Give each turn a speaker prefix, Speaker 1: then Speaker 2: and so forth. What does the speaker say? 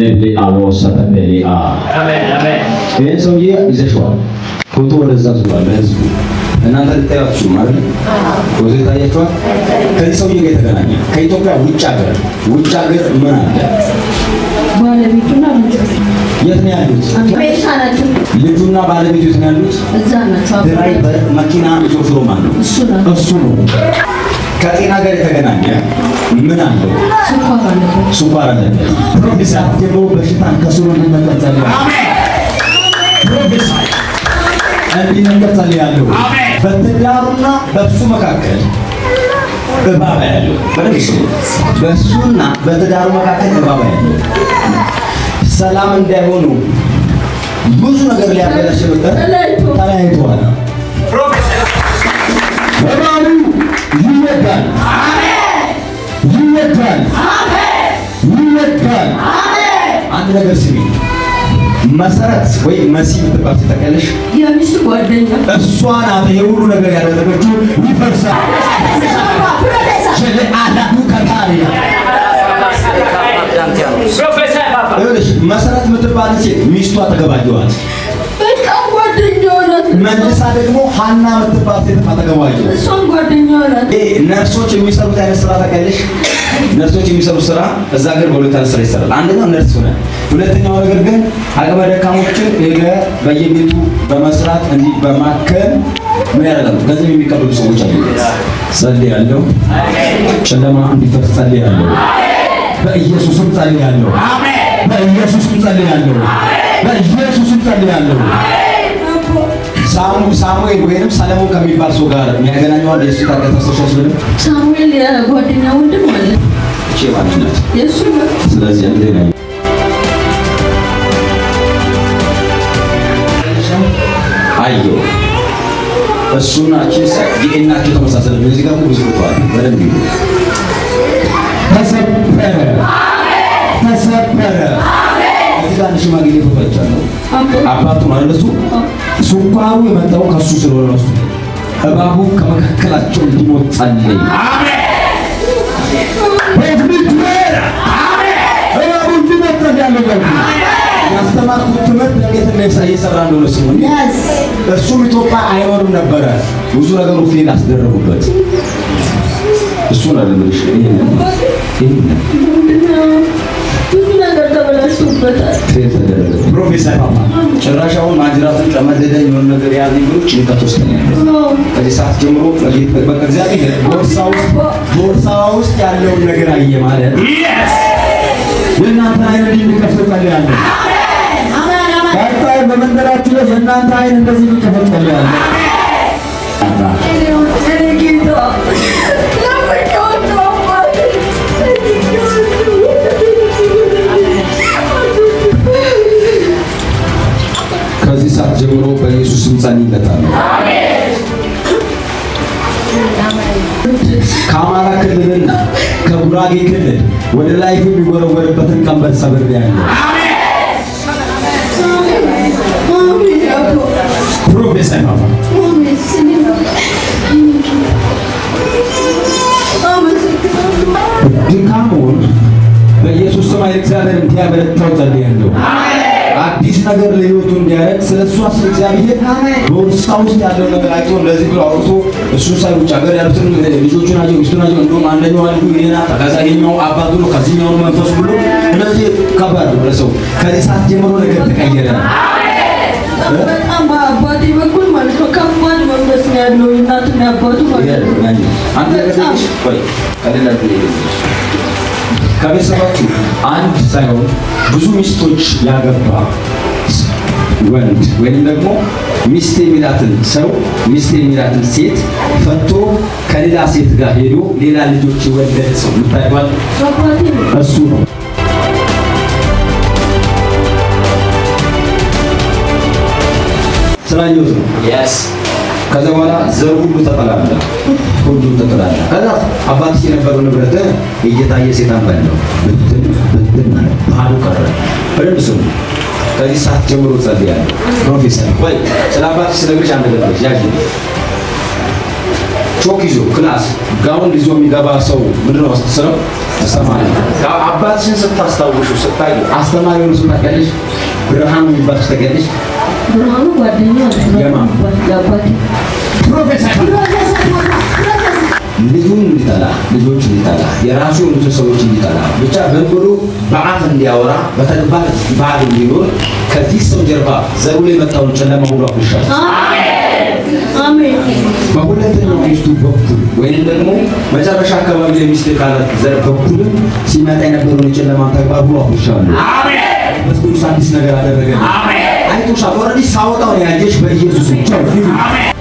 Speaker 1: ለሌአ ወሰተ ለሌአ ይህን ሰውዬ ይዘሸዋል። ፎቶ ወደዛ ዙሯል። ለህዝቡ እናንተ ልታያችሁ ማለት ፎቶ ታያችኋል። ከዚህ ሰውዬ ጋር የተገናኘ ከኢትዮጵያ ውጭ ሀገር ውጭ ሀገር ምን አለ
Speaker 2: ባለቤቱና
Speaker 1: የት ነው ያሉት? ልጁና ባለቤቱ የት ነው ያሉት? ድራይቨር መኪና ሾፌሩ ማን ነው? እሱ ነው። ከጤና ጋር የተገናኘ ምን አለ? ስኳር አለ። ፕሮፌሳት ደግሞ በሽታን ከስሩ እንዲነቀል ጸልያለሁ። ፕሮፌሳት በትዳሩና በእሱ መካከል እባባ ያለው በእሱና በትዳሩ መካከል እባብ ያለው ሰላም እንዳይሆኑ ብዙ ነገር ሊያበላሽ ነበር። ተለያይተዋል። እባቡ ይወጣል። ይወጣል፣ ይወጣል። አንድ ነገር ስሚ። መሰረት ወይ መሲ ምትባል ተቀለሽ
Speaker 2: የሚስቱ ጓደኛ
Speaker 1: እሷ ናት የሁሉ ነገር ያደረገችው። ይፈርሳል መሰረት ምትባል ሴት ሚስቱ አጠገባጀዋት መልሳ ደግሞ ሀና የምትባል ሴት ማጠገባቸው
Speaker 2: እሷም ጓደኛዋ ናት።
Speaker 1: ነርሶች የሚሰሩት አይነት ስራ ታውቂያለሽ? ነርሶች የሚሰሩት ስራ እዛ ሀገር በሁለት አይነት ስራ ይሰራል። አንደኛው ነርስ ሆነ፣ ሁለተኛው ነገር ግን አቅመ ደካሞችን ነገ በየቤቱ በመስራት እንዲህ በማከም ምን ያደርጋሉ? ገንዘብ የሚቀበሉ ሰዎች አሉ። ያለው ጨለማ እንዲፈርስ ጸልያለሁ። በኢየሱስም ጸልያለሁ። በኢየሱስም ጸልያለሁ። በኢየሱስም ጸልያለሁ። ሳሙኤል ወይንም ሰለሞን ከሚባል ሰው ጋር የሚያገናኘው አንድ የሱ ተስተሻሽ ብለ
Speaker 2: ሳሙኤል የጓደኛ ወንድም አለ
Speaker 1: እቺ ማለት ነው ስለዚህ እንዴ ነው አዮ እሱና እቺ ዲኤንኤያቸው ተመሳሰለ። በዚህ ጋር ብዙ ተዋል በደንብ ተሰበረ ተሰበረ እዚህ ጋር ሽማግሌ ፎቶ አባቱ ማለት እሱ ስኳሩ የመጣው ከሱ ስለሆነ ነው። እባቡ ከመካከላቸው እንዲሞት ጸልይ። አሜን። ያስተማርኩት ትምህርት እንዴት እየሰራ እንደሆነ ሲሆን እሱም ኢትዮጵያ አይኖርም ነበረ። ብዙ ነገሮች ሌላ አስደረጉበት። እሱን አይደለም ይሄን
Speaker 2: ብዙ ነገር ተበላሽቶበታል።
Speaker 1: ፕሮፌሰር ጭራሽ አሁን ማጅራቱን ጠመደደኝ የሆነ ነገር ያለ ነገሮች ጭንቀት ውስጥ ነው ያለው። ከዚህ ሰዓት ጀምሮ እግዚአብሔር ቦርሳዋ ውስጥ ያለውን ነገር አየ ማለት የእናንተ አይን እንዲከፈት እፈልጋለሁ። በመንገዳችሁ ላይ የእናንተ አይን እንደዚህ እንዲከፈት እፈልጋለሁ። ከአማራ ክልልና ከጉራጌ ክልል ወደ ላይ የሚወረወርበትን ቀንበር ሰብር ያለው ድካሙን በኢየሱስ ስም እግዚአብሔር እንዲያበረታው ጸልያለሁ። አዲስ ነገር ለህይወቱ እንዲያደርግ ስለ እሱ አስብ እግዚአብሔር በውሳ ውስጥ ያለው ነገር አይቶ ለዚህ ብሎ አውርቶ እሱ ሳይ ውጭ ሀገር ያሉትን ልጆቹ ናቸው ሚስቱ ናቸው እንዲሁም አንደኛው አንዱ ሌና ከዛ ይኛው አባቱ ነው ከዚህኛው መንፈሱ ብሎ እነዚህ ከባድ ነው ለሰው ከዚህ ሰዓት ጀምሮ ነገር ተቀየረ።
Speaker 3: ነው።
Speaker 2: በጣም በአባቴ በኩል ማለት ነው ከባድ መንፈስ ነው ያለው እናትና አባቱ
Speaker 1: ማለት ነው። ከቤተሰባችሁ አንድ ሳይሆን ብዙ ሚስቶች ያገባ ወንድ ወይም ደግሞ ሚስት የሚላትን ሰው ሚስት የሚላትን ሴት ፈቶ ከሌላ ሴት ጋር ሄዶ ሌላ ልጆች የወለደ ሰው ምታይባል እሱ ነው። ስላየሁት ነው። ከዛ በኋላ ዘር ሁሉ ተጠላላ፣ ሁሉ ተጠላላ። ከዛ አባትሽ የነበረው ንብረት እየታየ ሴጣን ባለው ብትን ብትን ማለት ባዶ ቀረ። በደንብ ስሙ። ከዚህ ሰዓት ጀምሮ ጸልያለሁ። ፕሮፌሰር ወይ ስለ አባትሽ ስነግርሽ አንድ ገለች ያጅ ቾክ ይዞ ክላስ ጋውን ይዞ የሚገባ ሰው ምንድን ነው ስለው ተሰማሪ አባትሽን ስታስታውሹ ስታዩ አስተማሪውን ስታቀልሽ ብርሃኑ የሚባል ስታቀልሽ ልጁን እንዲጠላ ልጆች እንዲጠላ የራሱ የሆኑትን ሰዎች እንዲጠላ ብቻ በንብሎ በአፍ እንዲያወራ በተግባር ባል እንዲኖር ከዚህ ሰው ጀርባ ዘሩ ላይ መጣውን ጨለማ ሁሉ አፍርሻለሁ። በሁለተኛው ሚስቱ በኩል ወይም ደግሞ መጨረሻ አካባቢ ለሚስት ካላት ዘር በኩልም ሲመጣ የነበረውን የጨለማ ተግባር ሁሉ አፍርሻለሁ። አዲስ ነገር አደረገ። አሜን። Hayatım şafarı di sağlık al ya. Geç be Yesus'un. Çabuk.